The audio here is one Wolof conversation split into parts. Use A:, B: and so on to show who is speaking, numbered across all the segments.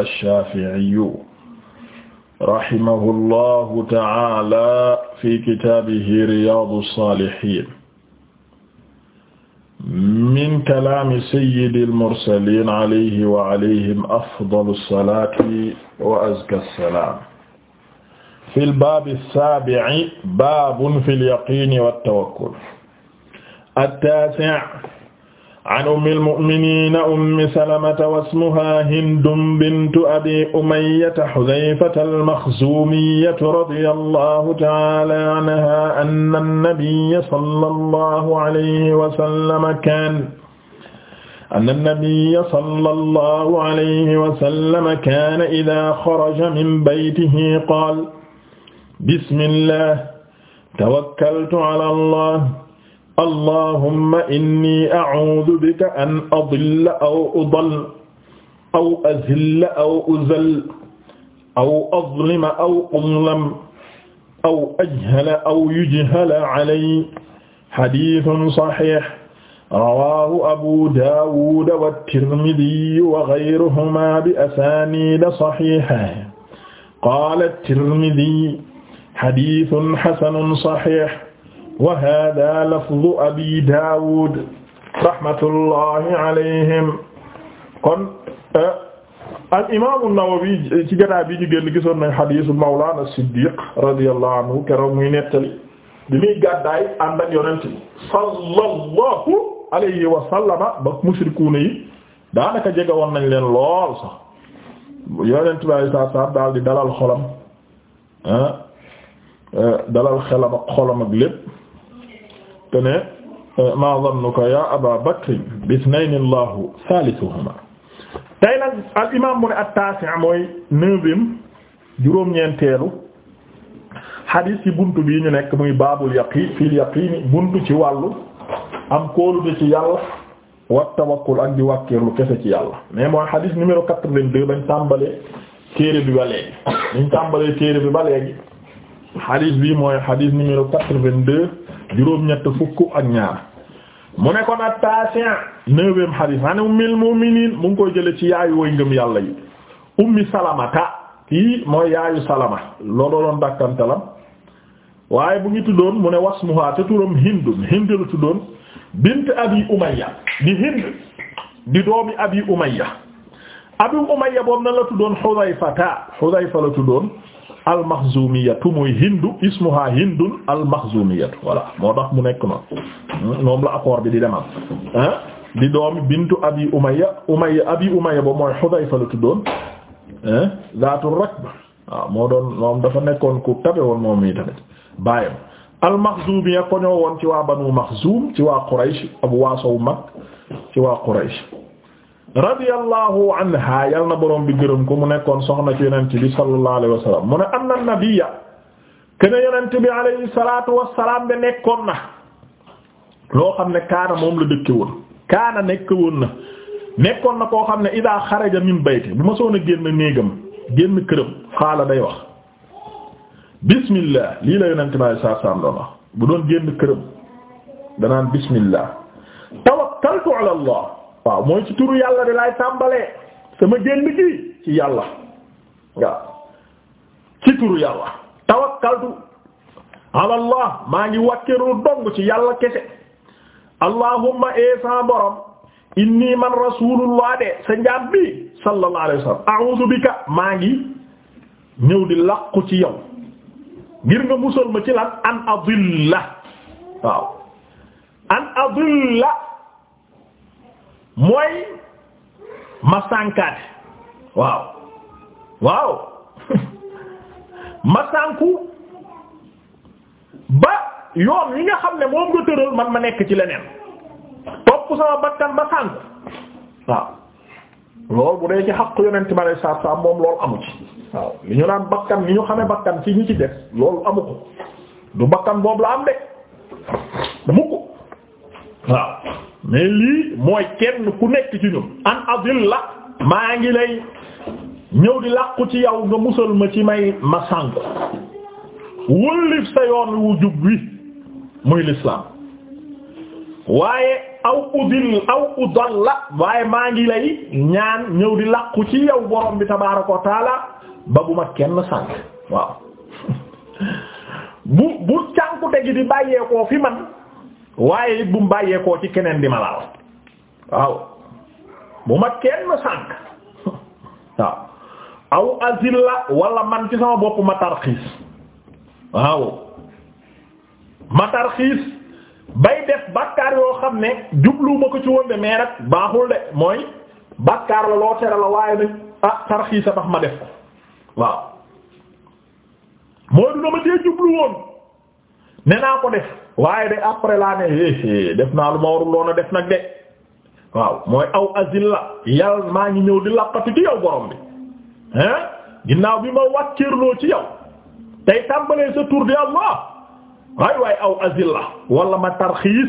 A: ash-Shaafi'iyyu rahimahullahu ta'aala fi kitaabihi Riyaadu s-Saalihiin min kalaami sayyidil mursaliin alayhi wa alayhim afdalu s-salaati wa azka s-salaam fil baabi s-saabi'i baabun fil yaqiini wat-tawakkul at-taasi' an ummi al-mu'miniina ummi salamata wa ismuhaa hindun bintu abii umayyata hudhayfata al-makhzuumiyyata radiyallaahu ta'aalaa anhaa anna an-nabiyya sallallaahu alayhi wa sallama kaana anna an-nabiyya sallallaahu alayhi wa sallama kaana idhaa kharaja min baytihi qaala bismillaah tawakkaltu alaa allaah allahumma inni a'uudu bika an adilla aw udalla aw azilla aw uzalla aw azlima aw uzlam aw ajhala aw yujhala alayya hadiisun sahiih rawaahu abu daawuda wa tirmidi wa gayruhumaa bi asaaniida sahiihatin qaala tirmidi hadiisun hasanun sahiih wa haadaa lafdu abi daawud rahmatullahi alayhim kon eh, al imaamu Nawawi ci gannaaw bi ñu génn gisoon nañ hadiisu Mawlaana Siddiq radiyallahu anhu keroog muy nettali bi muy gàddaay ànd ak yonent bi sallallahu alayhi wa sallama ba mushrikuuna yi daanaka jege woon nañ leen lool sax yonent bi alayhi salaatu salaam daal di dalal xolam ah dalal xelam ak xolam ak lépp. que ne euh, ma zannuka ya aba bakr bisnayni allahu salisuhuma tey nag al imam mu ne at-tasi' mooy neuvième juróom-ñeenteelu hadis ci bunt bii ñu nekk muy baabul yaqin fil yaqini buntu ci wàllu am kóolute ci yàlla wa tawakkul ak di wàkkeerlu kese ci yàlla mais mooy hadis numéro quatre-vingt-deux bañ tàmbalee téere bi ba léegi bañ tàmbalee téere bi ba léegi xadis bi mooy xadis numéro quatre-vingt-deux juróom-ñett fukk ak ñaar mu ne kon at-tasi' neuvième xadis maa ne ummil mu'minin mu ngi koy jële ci yaayu way ngëm yàlla yi ummi salamata kii mooy yaayu salama loolu doon dàkkante la waaye bu ngi tuddoon mu ne wasmuha te turam hindun hind la tuddoon bint abi umayya di hind di doomi abi umayya Abu Umayya boobu nan la tuddoon Hudhayfata Hudhayfa la tuddoon al-Makhzumiyatu muy Hindu ismuha Hindun al-Makhzumiyatu voilà moo tax mu nekk noonu hmm, moom la accord bi di demal ah di doomi bintu Abi Umayya Umayya Abi Umayya boobu mooy Hudhayfa la tuddoon ah zaatu rakba waaw moo doon moom dafa nekkoon ku tabe woon moom mii tamit baayam al-Makhzumiyya ko ñoo woon ci waa Banu Makhzum ci waa Quraysh ab waasow mag ci waa Quraysh radiyallahu anha na borom bi gërëm ko mu nekkoon soxna ci yonent bi sallallahu alayhi wa sallam mu ne am na nabiyya bi alayhi salatu wasalaam nekkoon na loo xam ne kaana moom la dëkke woon kaana nekk woon na na koo xam ne ida xaraja min bayti bu ma soon a génn néegam génn këram xaala day wax bismillah lii la yonent bi alayhi salatu wasalaam doon wax bu doon génn këram danaan bismillah tawakkaltu allah waaw mooy ci turu yàlla de laay tàmbalee sama génn gi ci yàlla waaw ci turu yàlla tawakkaltu ala allah maa ngi wàkkeeru dong ci yàlla kese allahumma esa borom inni man rasulullah de sa njaam sallallahu alayhi wasallam a'udhu maa ngi ñëw di làqu ci yow ngir nga musal ma ci lan an adilla waaw an adilla mooy ma sànkaate waaw waaw ma sànku ba yoon yi nga xam ne moom nga tëral man ma nekk ci leneen topp sama bakkan ba sànku waaw loolu bu dee ci xaq yonent ma lay saab saab moom loolu amu ci waaw li ñu naan bakkan ni ñu xamee bakkan ci ñu ci def loolu amu ko du bakkan boobu la am de mukk waaw mais lii mooy kenn ku nekk ci ñun an adil la maa ngi lay ñëw di làqu ci yow nga musal ma ci may ma sànku wëllif sa yoon wu jub wi muy lislaam waaye aw udil aw udal la waaye maa ngi lay ñaan ñëw di làqu ci yow borom bi tabaaraka wa taala ba bu ma kenn sànk waaw bu bu cànku gi di bàyyeekoo fi man waaye it bu mu bàyyeekoo ci keneen di ma laal waaw bu ma kenn sànk waaw aw azilla wala man ci sama bopp ma tarxiis waaw ma tarxiis bay def bàkkaar yoo xam ne jubluwuma ko ci woon de mais rek baaxul de mooy bàkkaar la loo tere la waaye nag ah tarxiis a ma def ko waaw mooy du dama tee jublu woon ne naa ko def waaye de après laa ne é eh, eh, def naa lu ma loona def nag de waaw mooy aw asil la yàlla maa ngi ñëw di làqatu ci yow borom bi hein ginnaaw bi ma wàcceerloo ci yow tey tàmbalee sa tur di allah waay waaye aw asil la wala ma tarxiis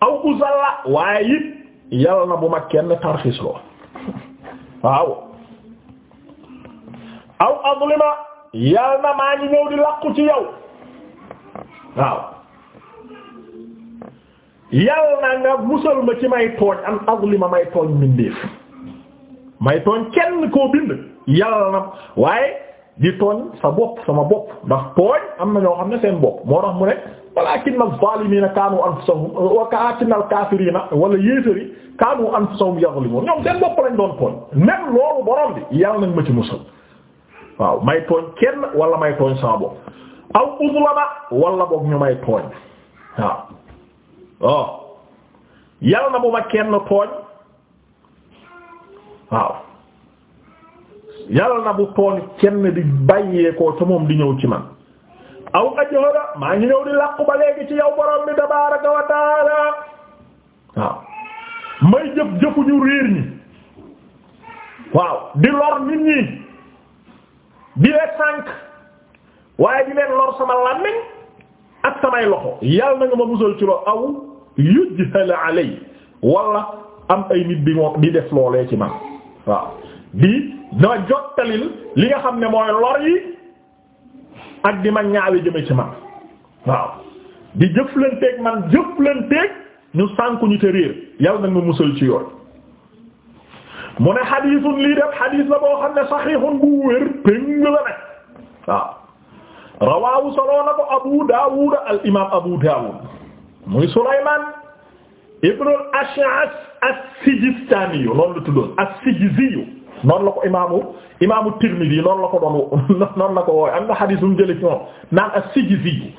A: aw usal waaye it yàlla na bu ma kenn tarxiis loo waaw aw azlima yàlla na maa ñëw di làqu ci yow waaw yàlla na nga musal ma ci may tooñ an azlima may tooñ mbindeef may tooñ kenn koo bind yàlla na waaye di tooñ sa bopp sama bopp ndax tooñ am na ñoo xam ne seen bopp moo tax mu ne walaakin az-zaalimiina kaanu anfusahum walaakin al-kaafiriina wala yéefari kaanu anfusahum yazlimuun ñoom seen bopp lañ doon tooñ même loolu borom bi yàlla nañ ma ci musal waaw may tooñ kenn wala may tooñ sama bopp aw uzlama wala boog ñu may tooñ waaw waaw yal na bu ma kenn tooñ waaw yal na bu tooñ kenn di bàyyeekoo te moom di ñëw ci man aw ajhara maa ngi ñëw di làqu ba léegi ci yow borom bi tabaaraka wa waaw may jëf jëfu ñu réer ñi waaw di lor nit ñi di leen sànk waaye di leen lor sama làmmiñ ak samay loxo yal na nga ma musal ci loo aw yujhal alay walla am ay nit di moo di def loolee ci man waaw di dama jottalil li nga xam ne mooy lor yi ak di ma ñaawe jëme ci man waaw di jëflanteeg man jëflanteeg ñu sànku ñu te réer yàlla na nga ma musal ci yoon mu ne xadiisun lii def xadiis la boo xam ne saxiixun bu wér péng la nag waaw rawaahu soloo na ko Abu Dawud al imaam Abu Dawud muy Sulaymaan ibnu al-Ash'as as-Sijistaani yu noonu la tuddoon as-Sijzi yu noonu la ko imaamu imaamu Tirmidi noonu la ko doon noonu la ko woowe am na xadiis bu mu jëlee ci moom naan as-Sijzi yu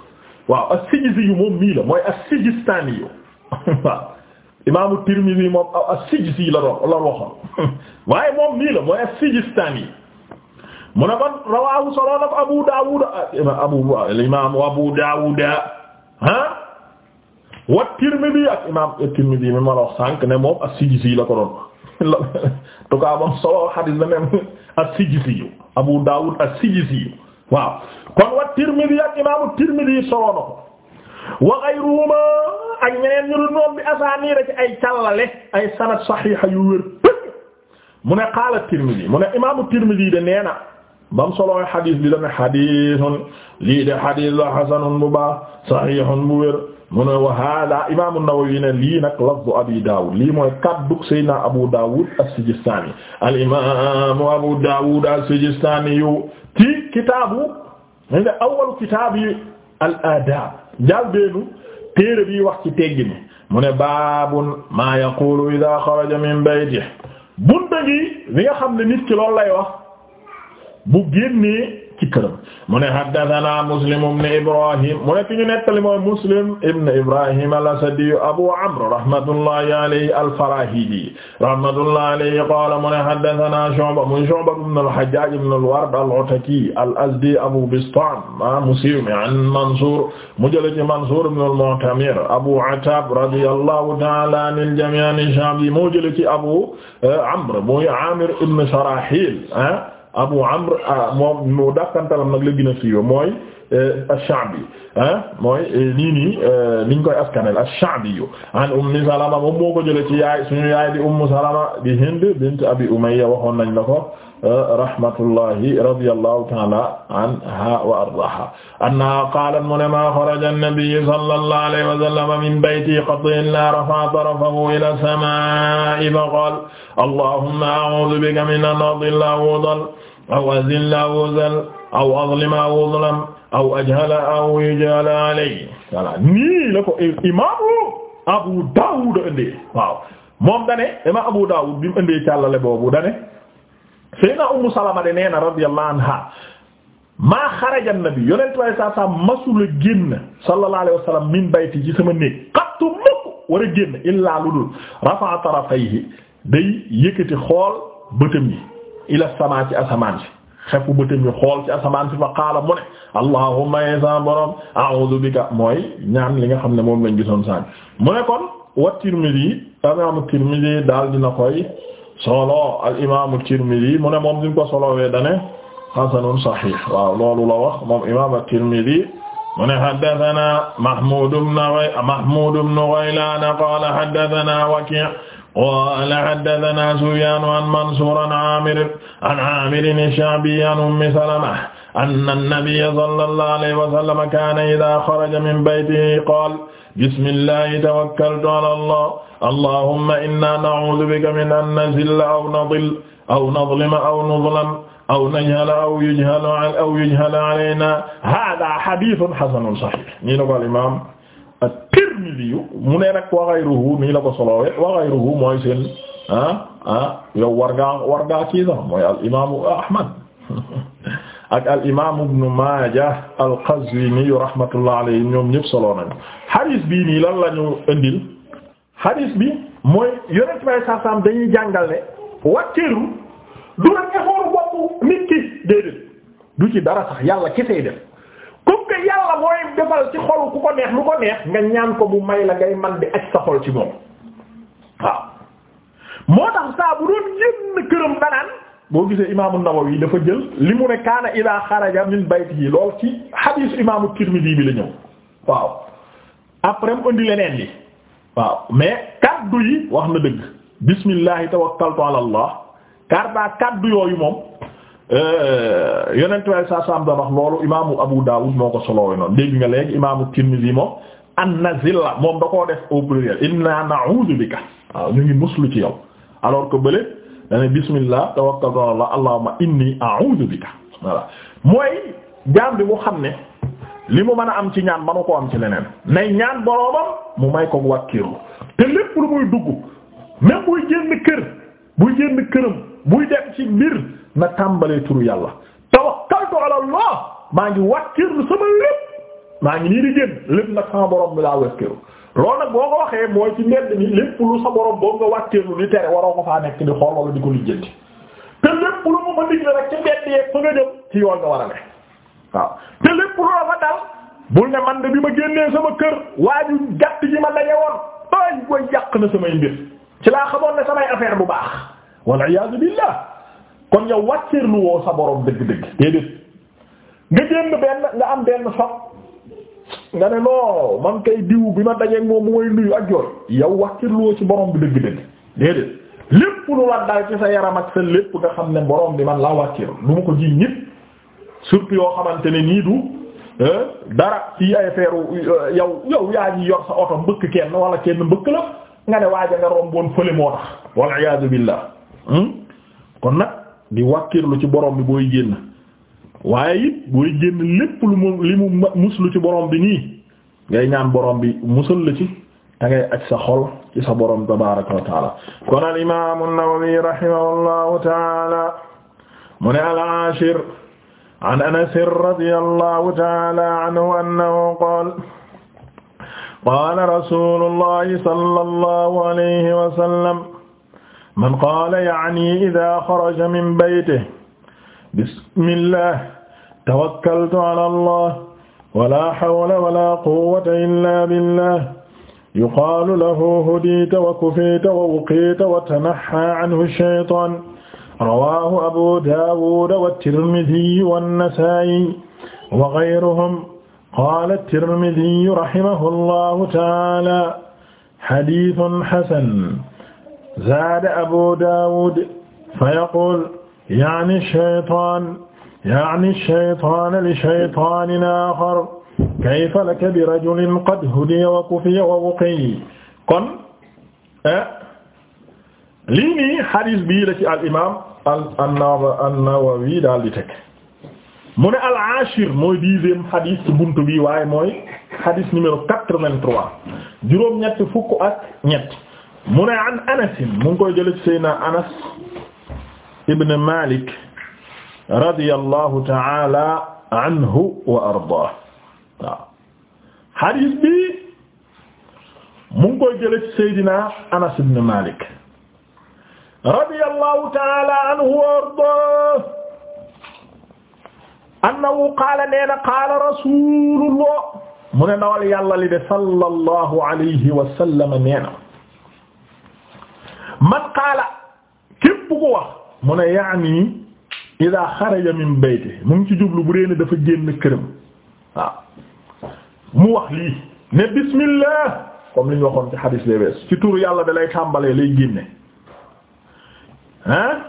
A: waaw as-Sijzi yu moom mii la mooy as-Sijistaani yu waaw imaamu Tirmidi moom as-Sijzi la doon la waxoon waaye moom mii la mooy as-Sijistaani mu ne kon rawaahu solo na ko Abu Dawud abu Abu Dawud ah wa Tirmidhi ak imaam Tirmidhi mi ma la wax sànq ne moom as-Sijzi la ko doon la tout cas moom solo xadiis la même as-Sijzi Abu Dawud as-Sijzi waaw kon wa Tirmidhi ak imaamu Tirmidhi solo na ko wa ghayruhuma ak ñeneen ñu noon bi asaaniira ci ay ay sanad saxiixa yu wér mu ne qaala Tirmidhi mu ne imaamu Tirmidhi de nee na bam solooy xadis bi dane xadisun lii de xadis la xasanun bu baax saxiixun bu wér mu ne wa hada imaamu Nawawi ne lii nag lafdu abi Daawud lii mooy kàddug Seydina Abu Daawud as-Sijistaani al imaamu Abu Daawud as-Sijistaani yu ci kitaabu ñu ne awwalu kitaabi al aadaab jaal beenu téere bi wax ci teggini mu ne baabun maa yaqulu idaa xaraja min baytihi bunta gi li nga xam ne nit ki loolu lay wax bu génnee ci këram mu ne haddathana muslim ibn ibrahim mu ne fi ñu nettali mooy muslim ibn ibrahim al-asadi abu amr rahmatullahi alayhi al-farahidi rahmatullahi alayhi qala mu ne haddathana shu'ba mu shu'ba ibn al-hajjaj ibn al-ward al-ataki al-azdi abu bistam ma ah, musimi an mansur mu jële ci mansur ibn al-mu'tamir abu atab radiyallahu ta'ala anil jami' an sha'bi mu jële ci abu eh, amr muy amir ibn sharahil ah. Abu Amr ah, moom mu dàkkantalam nag la gën a siiwee mooy eh, ash-Sha'bi ah mooy eh, nii nii eh, niñ koy askanel ash-Sha'bi an Ummi Salama moom moo ko jëlee ci yaay suñu yaay di Ummu Salama di Hind bint Abi Umayya waxoon nañ la ko rahmatullahi radiyallahu ta'ala anha wa ardaaha annaha qaalat mu ne maa xaraja an-nabiyyu sallallahu alayhi wa sallam min bayti qat'in illaa rafa'a tarafahu ila as-samaa'i fa qaala allahumma a'uudhu bika min an adilla wa udalla aw azilla aw uzal aw azlima aw uzlam aw ajhala aw yujala alay voilà nii la ko imaamu Abu Dawud indee waaw moom dane imam Abu Dawud bi mu indee càllale boobu dane sayna Ummu Salama de nee na anha maa xaraja nabi yonentu way saa sa masula génn sallallahu alayhi min bayti ci sama néeg xattu mukk war a génn illaa lu dul rafa tarafayhi day yëkkati xool bëtam yi ila sama ci asamaan si xefu bëtam yi xool ci asamaan si fa qaala mu ne allahumma yasa borom a'udhu bika mooy ñaan li nga xam ne moom lañ gisoon sànni mu ne kon wa Tirmidhi imam Tirmidhi daal dina koy solo al imam Tirmidhi mu ne moom duñ ko solowee dane hasanun sahih waaw loolu la wax moom imam Tirmidhi mu ne haddathana Mahmud ibn Ghaylan qala haddathana Waki' قال حدثنا سفيان عن منصور عن عامر عن عامر الشعبي عن أم سلمة أن النبي صلى الله عليه وسلم كان إذا خرج من بيته قال بسم الله توكلت على الله اللهم إنا نعوذ بك من أن نزل أو نضل أو نظلم أو نظلم aw najhala aw yujhala aw yujhala alayna hada hadithun hasanun sahih ni na ko al imam tirmidhiyu mu ne nag wa ghayruhu nii la ko solowee wa ghayruhu mooy seen ah ah yow war ngaa war ngaa kii sax mooy al imaamu Ahmad ak al imaamu ibnu Maajah al Qazwini rahmatullah alayhi ñoom ñëpp solo nañu hadis bii nii lan la ñu indil hadis bi mooy yonent may saasaam dañuy jàngal ne wàcceelu du la effort boppu nit ki déedéet du ci dara sax yàlla kese def. yàlla mooy defal ci xol ku ko neex lu ko neex nga ñaan ko bu may la ngay man di aj sa xol ci moom waaw moo tax saa bu doon génn këram danaan boo gisee imaamu Nawawi dafa jël li mu ne kaana ila xaraja min baytihi lool ci xadiis imaamu Tirmidi bi la ñëw waaw après mu indi leneen li waaw mais kaddu yi wax na dëgg bismillahi tawakkaltu ala allah car yooyu moom Euh, yonentu way sa sam da wax loolu imaamu Abu Dawud moo ko soloowe noonu dégg nga léegi imaamu Tirmidhi moom annazilla moom da koo def au pluriel inna na'udhu bika waaw ñu ngi muslu ci yow alors que bële dane bismillah tawakkaltu ala xam ne li mu mën am ci ñaan manu ko am ci leneen nay ñaan boroomam mu may ko wàkkiiru te lépp lu muy dugg même buy génn kër buy génn këram buy dem ci mbir na tàmbalee turu yàlla tawakkaltu ala allah maa ngi wàkkirlu sama lépp maa ngi nii di génn lépp nag sama borom bi laa wékkiru loolu nag boo ko waxee mooy ci mbedd mi lépp lu sa borom boo nga wàkkirlu di tere waroo ko faa nekk di xool wala di ko lijjanti te lépp lu mu ma digle rek ci mbedd yeeg fa nga ci yoon nga war waaw te lépp lu la fa dal bul ne man de bi ma génnee sama kër waaju gàtt ji ma daje woon ay way yàq na samay mbir ci laa xamoon ne samay affaire bu baax wal iyaadu kon yow wàcceerlu woo sa borom dëgg-dëgg déedéet nga génn benn nga am benn sox nga ne non man kay diw bi ma dajeeg moom mu may nuyu ak jooy yow wàcceerlu woo ci borom bi dëgg-dëgg déedéet lépp lu la dal ci sa yaram ak sa lépp nga xam ne borom bi man laa wàcceerlu lu ma ko ji nit surtout yoo xamante ne nii du euh, dara ci ay feeru euh, yow yow yaa ngi yor sa oto mbëkk kenn wala kenn mbëkk la nga ne waaja nga romboon fële moo tax wal iyaadu billah hmm? kon nag. di wàkkirlu ci borom bi boy génn waaye it booy génn lu mu li ci borom bi nii ngay ñaan borom bi musal la ci da ngay aj borom tabaaraka wa kon al imaamu an taala mu al-ashir an Anas radiyallahu taala anhu annahu qaala qaala rasuulullahi sallallahu alayhi wa man qaala yaani idaa xaraja min baytihi bismillah tawakkaltu ala allah wala hawla wala quwwata illaa billah yuqaalu lahu hudiita wa kufita wa wuqiita wa tanaxxaa anhu shaytaan rawaahu abu daawuud wa tirmidiy wannasaa'iy wa gayruhum qaala tirmidiy rahimahu allahu taala hadiisun hasan zaada abu daawud fa yaqul yaani shaytaan yaani shaytaan li shaytaanin aaxar kayfa laka bi rajulin qad hudiya wa kufiya wa wuqiya kon eh, lii nii xadiis bii la ci al imaam an-Nawawi daal di teg mu ne al-ashir mooy dixième xadiis ci buntu bi waaye mooy xadiis numéro quatre-vingt-trois juróom-ñett fukk ak ñett. mu ne an Anas mu ngi koy jële ci Seydina Anas ibn Malik radiyallahu ta'ala anhu wa ardaah waaw xadiis bi mu ngi koy jële ci Seydina Anas ibn Malik radiyallahu ta'ala anhu wa ardaah annahu qaala neena qaala rasuulullah mu ne ndawal yàlla li de sallallahu alayhi wa sallam neena man qaala képp ku wax mu ne yaani ida xaraja min bayti mu ngi ci jublu bu dee ne dafa génn këram waaw mu wax lii ne bismillah comme li ñu waxoon ci xadis les wees ci turu yàlla da lay tàmbalee lay génne ah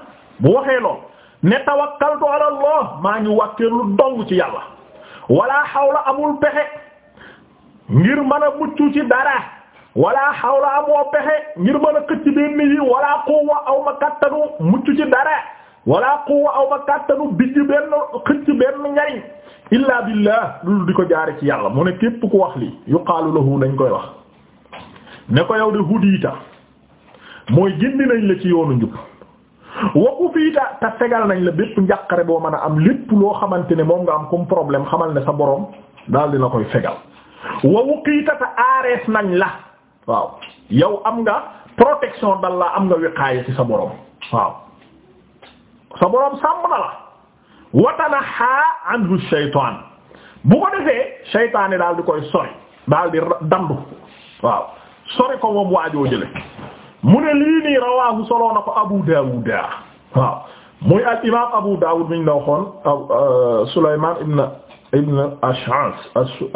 A: bu waxee lool ne tawakkaltu ala allah maa ngi wàkkee lu dong ci yàlla wala xawla amul pexe ngir mën a mucc ci dara wala xawla amoo pexe ngir mën a xëcc benn yi wala quwwa aw ma kattanu mucc ci dara wala quwwa aw ma kattanu bijj benn xëcc benn njariñ illa billah loolu di ko jaare ci yàlla mu ne képp ku wax li yuqaalu lahu dañ koy wax ne ko yow de hudiita mooy gindi nañ la ci yoonu njub waku fiita te fegal nañ la bépp njàqare boo mën a am lépp loo xamante ne moom nga am comme problème xamal ne sa boroom daal dina koy fegal wa wuqiita te aarees nañ la waaw yow am nga protection d'Allah am nga wiqaaya ci sa borom waaw sa borom sàmm na la watanaha anhu shaytaan bu ko defee shaytaan yi daal di koy sori daal di dandu waaw sori ko moom waajoo jële mu ne lii nii rawaahu soloo na ko Abu Dawud waaw muy al imaam Abu Dawud mi ñu la waxoon euh, Sulaymaan ibn ibn Ash'as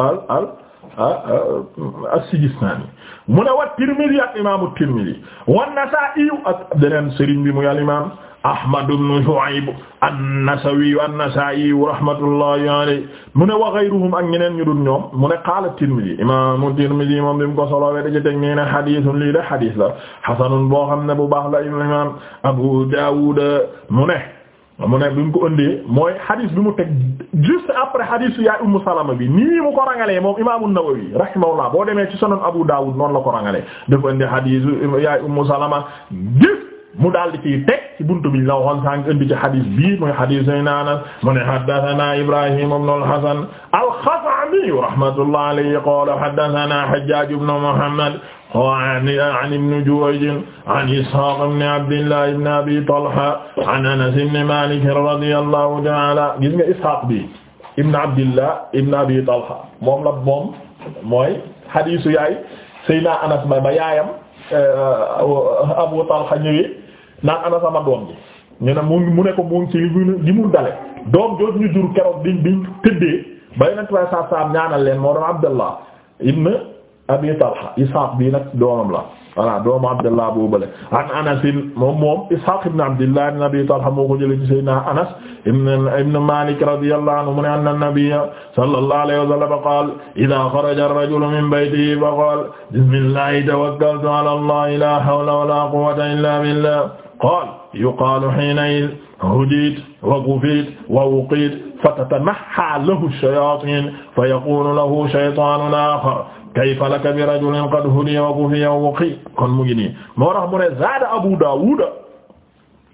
A: al as-Sijistaani ah, ah, ah, mu ne wa Tirmidi ak imaamu Tirmidi wa Nasaa'i ak beneen sëriñ bi muy al imaam Ahmad ibn Shu'ayb an-Nasawi an-Nasaa'i rahmatullahi alayhi mu ne wa ghayruhum ak ñeneen ñu dul ñoom mu ne qaala Tirmidi imaamu Tirmidi moom bi mu ko solowee daje teg nee na xadiis lii de xadiis la xasanun boo xam ne bu baax la imaam Abu Daawuud mu ne mu ne bi mu ko ëndee mooy xadis bi mu teg juste après xadis yaay ummu salama bi nii mu ko rangalee moom imaamu Nawawi rahimahullah boo demee ci sunan Abu Dawud noonu la ko rangalee dafa indi xadis yaay ummu salama gis mu daal di ciy teg ci buntu bi la waxoon sànq indi ci xadis bii mu xadis ay naanas mu ne haddathana Ibrahim ibn al-Hasan al-Khatami rahmatullah alayhi qala haddathana Hajjaj ibn Muhammad an ibn Juwayj Anas ibn Maalik radiyallahu ta'ala gis nga Ishaaq bi ibn Abdillah ibn Abi moom moom ma ba yaayam eh, Abu Talha ñëwee mu ne ko mu ngi doom jooju ñu jur keroog biñ biñ tëddee ba Yonent bi sallallahu alayhi wa sallam ñaanal leen moo abi talha ishaq bi nag doomam la voilà doomu abdullah boobale an anas moom moom ishaq ibn abdullah ibn abi talha moo ko jëlee ci sayyidina anas ibn ibn malik radiyallahu anhu mu ne anna nabiyya sallallahu alayhi wa sallam qala idha kharaja ar-rajulu min baytihi fa qala bismillahi tawakkaltu ala allahi la hawla wala quwwata illa billah qala yuqalu hina'idhin hudit wa gufit wa wuqit fatatanahha lahu ash-shayatin fa yakunu lahu shaytanun akhar kayfa laka bi rajulin qad huniya wa kufiya wa wuqi kon mu ngi nii moo tax mu ne zaada Abu Daawuda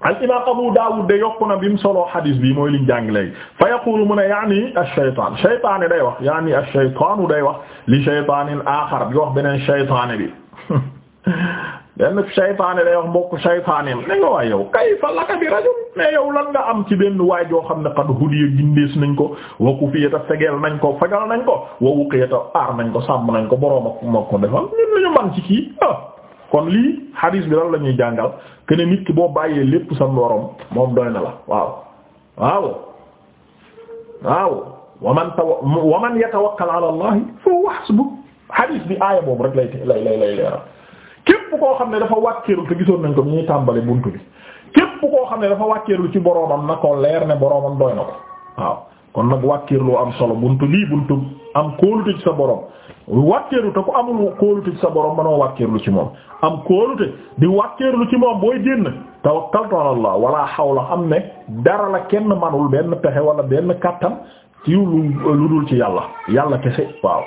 A: al imaam Abu Daawud de yokku na bi mu soloo xadiis bi mooy liñ jàng léegi fa yaqulu mu ne yaani ash-shaytaan shaytaani day wax yaani ash-shaytaanu day wax li shaytaanin aaxar bi wax beneen shaytaani bi benn saytaane lay wax mbokk saytaaneem ne nga waay yow kay fa laka bi rajul mais yow lan nga am ci benn waay joo xam ne xad hudiya gindees nañ ko wa kufiyata fegeel nañ ko fegal nañ ko wa wuqiyata aar nañ ko sàmm nañ ko boroom ak ma ko defal ñun lañu man ci kii ah. kon lii hadis bi lan la ñuy jàngal que ne nit ki boo bàyyee lépp sa morom moom doy na la waaw waaw waaw waman tawa waman yatawakkal ala allah fa huwa hasbu bi aaya boobu rek lay lay lay lay leeral képp koo xam ne dafa wàcceelu te gisoon nañ ko bi ñuy tàmbali buntu bi képp koo xam ne dafa wàcceelu ci boroomam na ko leer ne boroomam doy na ko waaw kon nag wàcceelu am solo buntu lii buntu am kóolute ci sa borom wàcceelu te ku amul kóolute ci sa borom manoo wàcceelu ci moom am kóolute di wàcceelu ci moom booy génn tawakkaltu ala Allah wala hawla am ne dara la kenn manul benn pexe wala benn kàttan ci lu dul ci yàlla yàlla kese waaw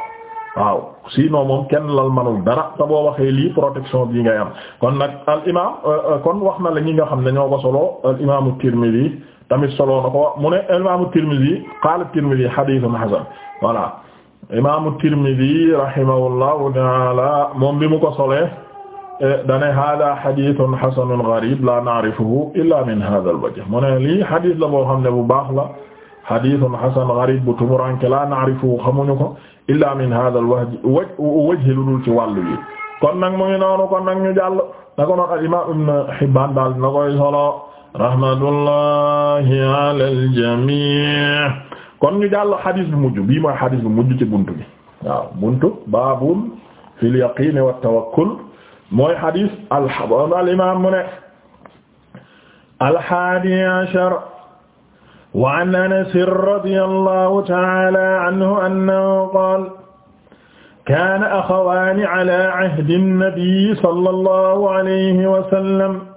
A: waaw sinon moom kenn lal manul dara te boo waxee lii protection bii ngay am kon nag al imaam euh, euh, kon wax na la ñi nga xam ne ñoo ko solo al imaamu Tirmidhi tamit solo na ko mu ne al imaamu Tirmidhi qaala Tirmidhi hadithun hasan voilà imaamu Tirmidhi rahimahullahu ta'ala moom bi mu ko solee euh, dane hada hadithun hasanun gharib la na'rifuhu illa min hadha al wajh mu ne lii hadith la boo xam ne bu baax la. xadiisun xasan gariib bu tumuranke la naarifu xamuñu ko illa min hada al wajh wajh lu dul ci wàllu yi kon nag mu ngi noonu kon nag ñu jàll na ko noon al imaam ibn Hibbaan daal na koy solo rahmatullahi ala al jamii kon ñu jàll xadiis bu mujj bii mooy xadiis bu mujj ci buntu bi waaw buntu baabun fil yaqiin wa tawakkul mooy xadiis al imaam mu ne al haadi ashar wa an anas radiyallahu ta'ala anhu annahu qaala kaana axawaani ala ahdi nnabiy sallallahu alayhi wa sallam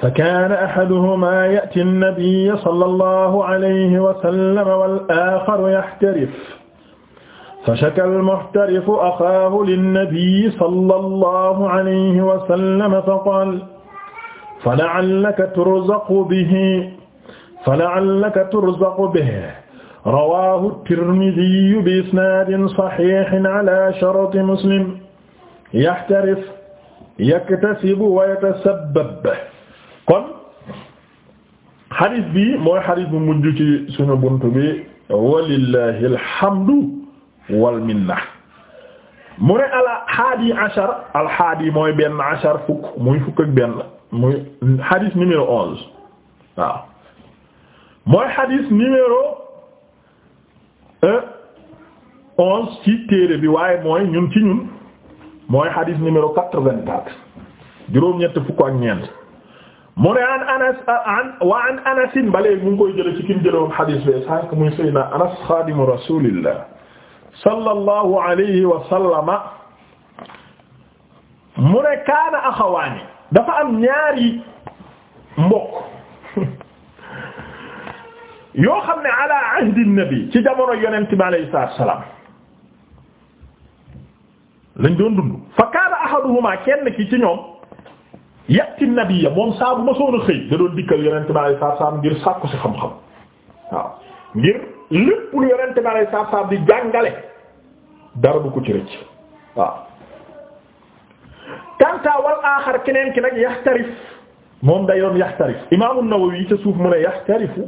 A: fa kaana ahaduhumaa ya'ti nnabiy sallallahu alayhi wa sallam wal aaxaru yaxtarif fa shaka al-muxtarifu axaahu linnabiy sallallahu alayhi wa sallam fa qaala fala'allaka turzaqu bihi fala'allaka turzaqu bihi rawaahu at-Tirmidhi bi isnaadin sahiihin ala sharti Muslim yahtarif yaktasibu wa yatasabbab kon xadis bi mooy xadis bu mujj ci suñu buntu bi walillahi alhamdu wal minna mu ne ala haadi ashar alhaadi mooy benn ashar fukk muy fukk ak benn muy xadis numéro onze waaw mooy xadis numéro euh, onze ci téere bi waaye mooy ñun ci ñun mooy xadis numéro quatre-vingt-quatre juróom-ñett fukk ak ñeent mu an anas wa an anasin ba léegi mu ngi koy jële ci kim jëlewoon xadis bi sànq muy sayyidina anas xaadimu kaana axawaani dafa am ñaari mbokk yoo xam ne ala ahdi nabi ci jamono yonent bi alayhi salaam doon dund fa kaana ahaduhuma kenn ki ci ñoom yatti nabiya moom saabu bu ma soon a xëy da doon dikkal yonent bi alayhi ngir sàkku ci xam-xam waaw ngir lépp lu yonent bi alayhi salaam di jàngale dara du ko ci rëcc waaw kanta wal aaxar keneen ki nag yaxtarif moom day doon yaxtarif imaamu Nawawi ca suuf mu ne yaxtarifu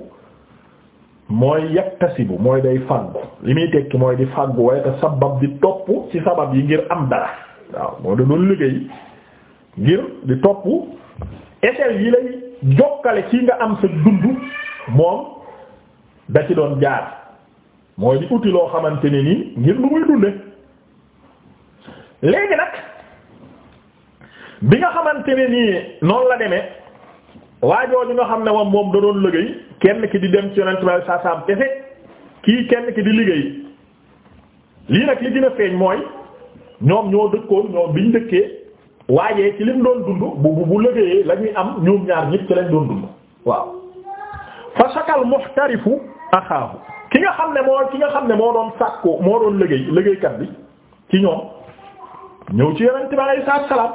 A: mooy yaktasibu mooy day fàggu li muy tekki mooy di fàggu waaye te sabab di topp ci sabab yi ngir am dara waaw moo da doon liggéey ngir di topp échelle yi lay jokkale ci nga am sa dund moom da ci doon jaar mooy di uti loo xamante ne nii ngir lu muy dunde léegi nag bi nga xamante ne nii noonu la demee waajoo ñu nga xam ne moom moom da doon liggéey kenn ki di dem ci yonent bi saa saam kese kii kenn ki di liggéey lii nag li dina feeñ mooy ñoom ñoo dëkkoon ñoom biñ dëkkee waajee ci lim doon dund bu bu bu liggéeyee la am ñoom ñaar ñëpp ci lañ doon dund waaw fa sakal muhtarifu axaahu ki nga xam ne moo ki nga xam ne moo doon sàkku moo doon liggéey liggéeykat bi ci ñoom ñëw ci yonent bi saa salaam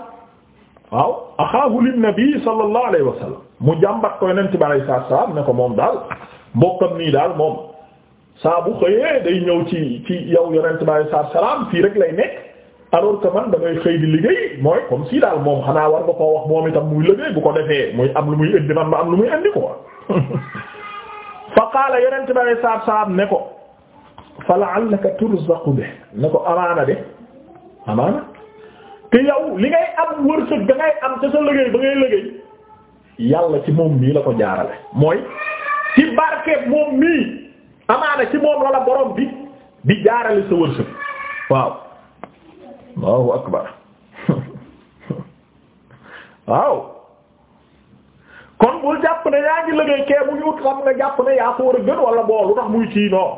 A: waaw axaahu lin nabi sallallahu alayhi wa sallam mu jàmbat ko yonent bi alayhi salaatu salaam ne ko moom daal mbokkam nii daal moom saabu bu xëyee day ñëw ci ci yow yonent bi alayhi salaatu salaam fii rek lay nekk alors que man da ngay xëy di liggéey mooy comme si daal moom xanaa war nga koo wax moom itam muy liggéey bu ko defee muy am lu muy indi man ma am lu muy indi quoi fa qaala yonent bi salaam ne ko fa la'allaka turzaqu bi ne ko amaana de amaana te yow li ngay am wërsëg da am te sa liggéey ba yàlla ci moom mii la ko jaarale mooy ci barkeeb moom mii amaana ci moom la borom bi di jaarale sa wërsëg waaw allahu akbar waaw kon bul jàpp ne yaa ngi liggéey kee bu ñu ut xam nga jàpp ne yaa war gën wala boo lu tax muy ci non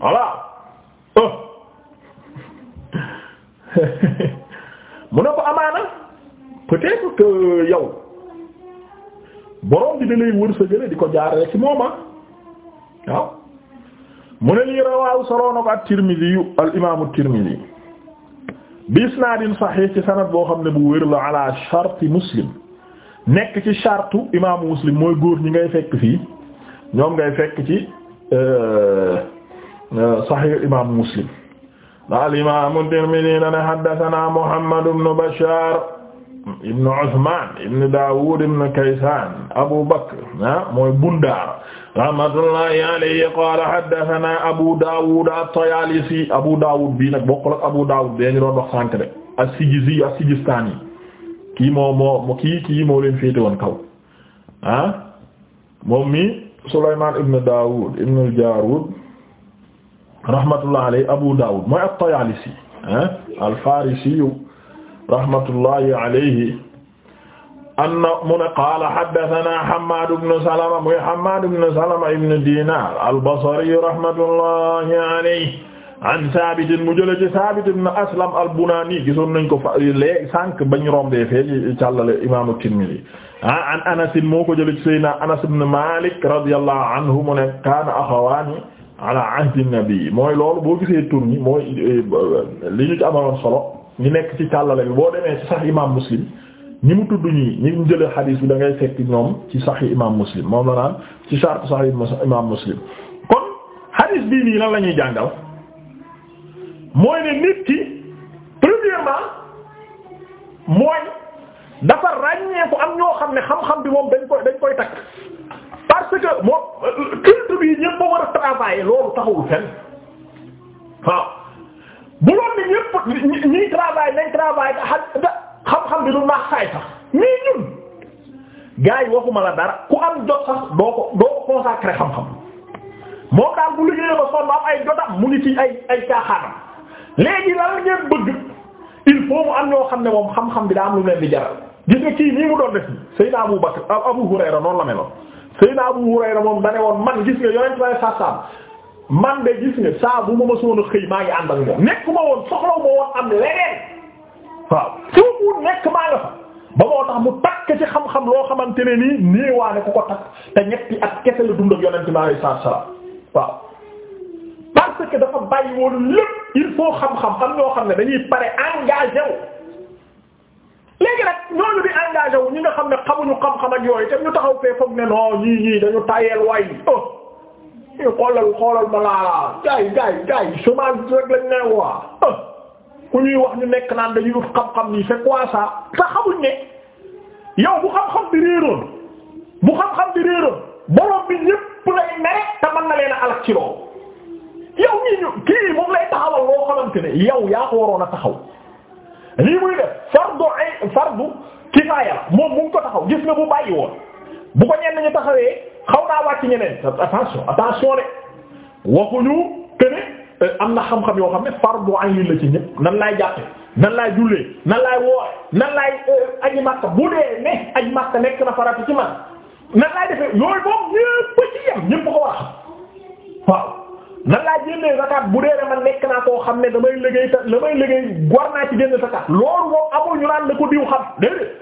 A: voilà oh. mu ne ko amaana peut-être que yow borom bi da lay wërsëgale di ko jaarale ci mooma waaw mu ne lii rawaaw soloona ko at-Tirmidhi al imaamu at-Tirmidhi bi isnaadin sahih ci sanad boo xam ne bu wér la ala sharti muslim nekk ci shartu imaamu muslim mooy góor ñi ngay fekk fii ñoom ngay fekk ci euh, euh, sahih imaamu muslim daal imaamu at na ne haddathana Muhammad ibn Bashar ibn Usman ibn Dawud ibn Kaysan Abu Bakr ah mooy Bundaar rahmatullahi alayhi qala haddathana Abu Dawud at-Tayalisi Abu Dawud bii nag bokkul ak Abu Dawud bee ñu doon wax sànq de as-Sijizi as-Sijistani kii moo moo kii kii moo leen féete woon kaw ah moom mi Sulayman ibn Dawud ibn al-Jarud rahmatullahi alayhi Abu Dawud mooy at-Tayalisi ah al-Farisi rahmatullahi alayhi anna mu ne qaala haddathana Hammad ibn Salama muy Hammad ibn Salama ibn Dinar al-Basri rahmatullahi alayhi an Saabit mu jële ci Saabit ibn Aslam al-Bunani gisoon nañ ko fa léegi sànq bañ rombee fee ci càllale imaamu Tirmidhi ah an Anas moo ko jële ci Seydina Anas ibn Malik radiyallahu anhu mu ne kaana axawaani ala ahdi nabi mooy loolu boo gisee tur ñi mooy eh, li ñu ci amaloon solo ñi nekk ci tàllale bi boo demee ci sax imaam muslim ñi mu tudd ñi ñu mu jëlee xadiis bi da ngay fekk ñoom ci sax imaam muslim moom la naan ci sharh sax imaam muslim kon xadiis bii nii lan la ñuy jàngal mooy ne nit ki premièrement mooy dafa ràññeeku am ñoo xam ne xam-xam bi moom dañ koy dañ koy takk parce que moom euh, euh, culture yi ñëpp ba war a travailler loolu taxawul fenn waaw. bu doon ni ñëpp ñuy travail nañ da xam-xam bi du naax saay sax mais ñun gars waxuma la dara ku am jot sax doo ko doo ko consacré xam-xam moo tax bu liggéeyee ba sonn am ay jotam mu ngi ci ay ay caaxaanam léegi lan la ngeen bëgg il faut am ñoo xam ne moom xam-xam bi daa am lu leen di jaral gis nga kii nii mu doon def Seydina Abu Bakr Abu Hurayra noonu la meloon Seydina Abu Hurayra moom da ne woon man gis nga yonent sallallahu alayhi wasallam man de gis nga saa bu ma ma soon a xëy maa ngi ànd ak moom nekkuma woon soxlaw ma woon am leneen waaw fu mu nekk maa nga fa ba moo tax mu takk ci xam-xam loo xamante ne nii néewaane ku ko takk te ñetti ak kese la dund ak yonent bi alayhi salaam waaw parce que dafa bàyyi woon lépp xam-xam am ñoo xam ne dañuy pare engagé wu ñi nga xam ne xamuñu xam-xam ak yooyu te ñu taxaw fee foog ne non ñii ñii dañu tayeel waay oh xoolal xoolal ma laa gaay gaay gaay chômage rek lañ ne waa ah, ku ñuy wax ñu nekk naan dañuy ut xam-xam nii c'est quoi ça te xamuñ ne yow bu xam-xam di réeroon bu xam-xam di réeroon borom bi ñépp lay mere te mën na leen a alak ci loolu yow ñii ñu kii moom lay taxawal loo xamante ne yow yaa ko waroon a taxaw lii muy def fardu ay fardu kifaaya la moom mu ko taxaw gis nga bu bàyyi woon bu ko ñenn ñu taxawee wàcc ñeneen attention attention de waxuñu que euh, am na xam-xam yoo xam ne fardu ayn la ci ñëpp nan laay jàppe nan laay jullee nan laay woo nan laay euh, aji makka bu dee ne aji makka nekk na farata ci man nan laay defee yooyu moom ñëpp ci yem ñëpp ko war a xam waaw nan laay génnee zakat bu dee ne nekk naa koo xam ne damay liggéey ta damay liggéey war naa ci génne zakat loolu moom amul ñu naan ne ko diw xam déedéet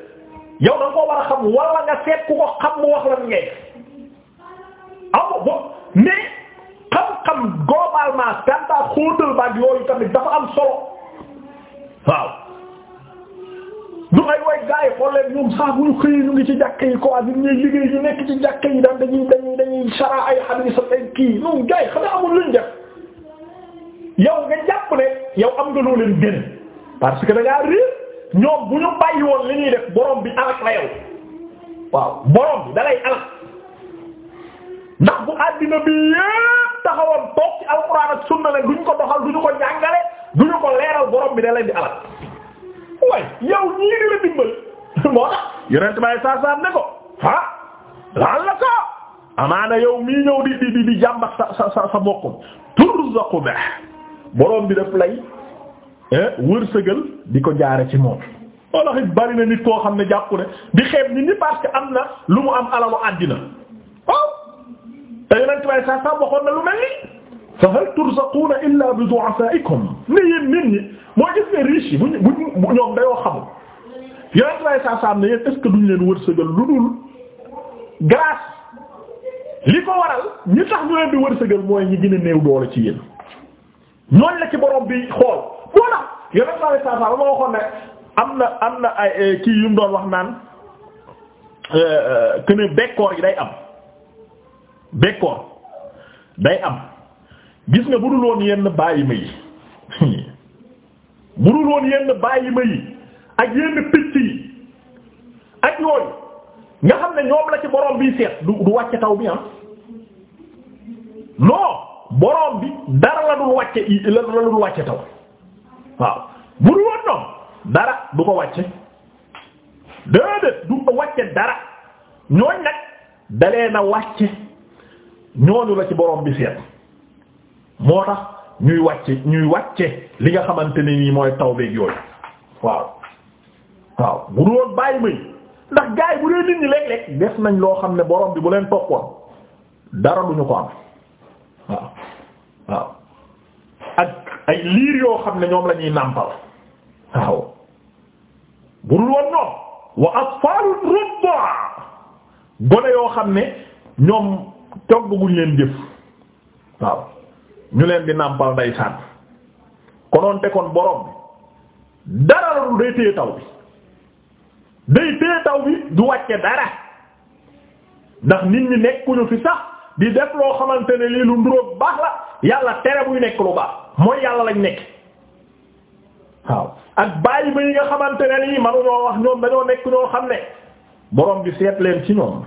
A: yow da koo war xam wala nga seet ku ko xam mu amoo bo mais xam-xam globalement gàncax xóotal baag yooyu tamit dafa am solo waaw. du ay way gars yi xool leen ñoom sax bu ñu xëyee ñu ngi ci jàkka yi quoi ñun ñooy liggéey ñu nekk ci jàkka yi daan dañuy dañuy dañuy sara ay hadith ay kii ñoom gars yi xam nga amul luñ def yow nga jàpp ne yow am nga loo leen gën parce que da ngaa réer ñoom bu ñu bàyyi woon li ñuy def borom bi alak la yow waaw borom bi da lay alak. ndax bu àddina bi yépp taxawoon toog ci alxuraan ak sunna la duñ ko doxal duñu ko jàngale duñu ko leeral borom bi da leen di alal way yow ñii di la dimbal moo tax yonent bay saasaam ne ko ah laal la ko ñëw di di di di jàmbat sa sa sa sa bokkum turzaqu bih borom bi daf lay eh, wërsëgal di ko jaare ci moom wala xit bari na nit koo xam ne jàpp ne di xeeb nit ñi parce que am na lu mu am alalu àddina te yonent bi saa na lu mel ni fa hal turzaquuna illaa bi du'afaa'ikum ne yéen nit ñi moo gis ne riche yi bu ñu bu ñoom dayoo xamul yonent bi am ne yéen est ce que duñ leen wërsëgal lu dul grâce li ko waral ñu tax ñu leen di wërsëgal mooy ñi gën a néew doole ci yéen. ñooñ la ci bi xool boo tax yonent bi ba ma waxoon ne am na am na ay eh, kii yu mu doon wax naan eh, eh, que ne bekkoor yi day am. bekkoor day am gis nga budul woon yenn bàyyi ma yi budul woon yenn bàyyi ma yi ak yenn picc yi ak yooyu nga xam ne ñoom la ci borom bi seet du du wàcce taw bi ah non borom bi dara la dul wàcce la la dul wàcce taw waaw budul woon noonu dara du ko wàcce déedéet du wàcce dara ñooñ nag dalee na wàcce. ñooñu la ci borom bi seet moo tax ñuy wàcce ñuy wàcce li nga xamante ni mooy taw beeg yooyu waaw waaw bu dul woon bàyyi may ndax gaay bu dee nit ñi léeg-léeg def nañ loo xam ne borom bi bu leen toppoon dara duñu ko am waaw waaw ak ay liir yoo xam ne ñoom la ñuy nàmpal waaw bu dul woon ñoom wa atfalul rubba gone yoo xam ne ñoom togg guñ leen jëf waaw ñu leen di nàmpal ndeysaan konoon te kon borom bi dara la du day téye taw bi day téye taw bi du wàcce dara ndax nit ñi nekkuñu fi sax di def loo xamante ne lii lu nduróog baax la yàlla tere buy nekk lu baax mooy yàlla lañ nekk waaw ak bàyyi ba yi nga xamante ne lii manuñoo wax ñoom dañoo nekk ñoo xam ne borom bi seet leen ci ñoom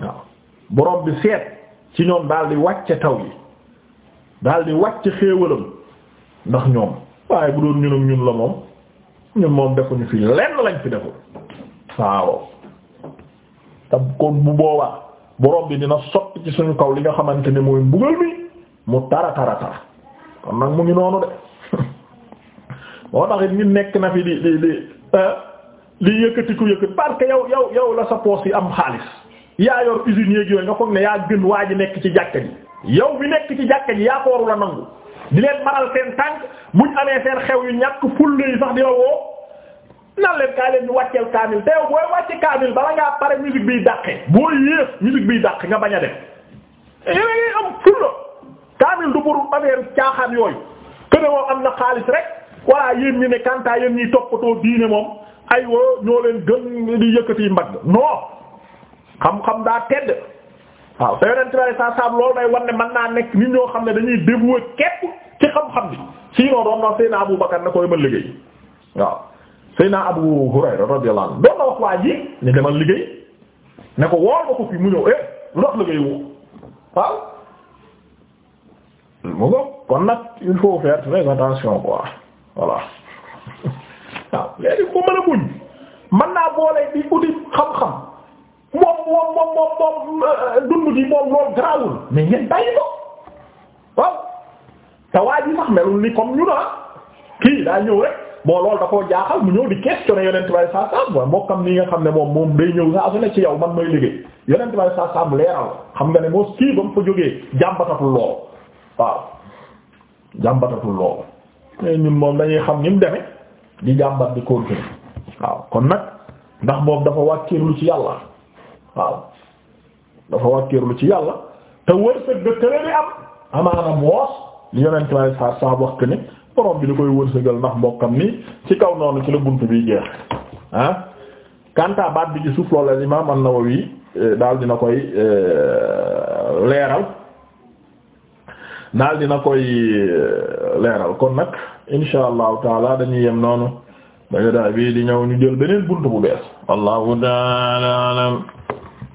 A: waaw boroom bi seet ci ñoom daal di wàcce taw yi daal di wàcce xéewalam ndax ñoom waaye bu doon ñun ñun la moom ñun moom defuñu fi lenn lañ fi deful waaw tam kon bu boobaa borom bi dina sotti ci suñu kaw li nga xamante ne mooy mbugal mi mu tara tara tara kon nag mu ngi noonu de moo tax it nit nekk na fi di di di li eh, yëkkati ku yëkkati parce que yow yow la sa poos yi am xaalis yaa yor usine yeeg yooyu nga foog ne yaa gën waa ji nekk ci jàkka ji yow bi nekk ci jàkka ji yaa ko warul a nangu di leen maral seen tànk buñ amee seen xew yu ñàkk fulla yi sax di la woo nan leen kaa leen ñu wàcceel kaamil te yow booy wàcce kaamil bala ngaa pare musique biy dàqee boo yées musique biy dàq nga bañ a dem eh, yéen ngi am fulla kaamil du pour affaire caaxaan yooyu que ne am na xaalis rek voilà yéen ñi ne kantaa yéen ñiy toppatoo diine moom ay ñoo leen gën di yëkkati mbagg non. xam-xam daa tedd waaw te yonent loolu day wan ne naa nekk nit ñoo xam ne dañuy dévoué képp ci xam-xam bi sinon doon na Seydina Abu Bakar ne ko demal liggéey waaw Seydina Abu Hurayra radiyallahu anhu doon na wax waa ji ne demal liggéey ne ko woo ma ko fii mu ñëw eh lu tax waaw mu ko kon nag il faut faire très attention quoi voilà waaw léegi ko mën a muñ mën naa boole di uti xam-xam moom moom moom moom moom euh, dund gi moom loolu garaawul mais ngeen bàyyi ko waaw te ji sax melul ni comme ñu naa ah. kii daa ñëw rek bon loolu da koo jaaxal mu ñëw di questionner yonent bay saa nga xam ne moom moom day ñëw saa su ne ci yow man may liggéey yonent saa saam leeral xam nga ne moos kii ba mu fa jógee jàmbatatul loolu waaw jàmbatatul loolu mais moom dañuy xam ni mu demee di jàmbat di continuer waaw kon nag ndax moom dafa wàkkiirlu ci yàlla waaw dafa wàkkirlu ci yàlla te wërsëg ga kële bi am amaana moos yonent lay saa saa ni borom bi da koy wërsëgal ndax mbokkam ni ci kaw noonu ci la bunt bi jeex ah kanta baat bi ci suuf loolu al imaam an eh, daal dina koy eh, leeral daal dina koy eh, leeral kon nag insha allahu taala dañuy yem noonu daga daa bi di ñëw ñu jël beneen bunt bu bees wallahu taala alam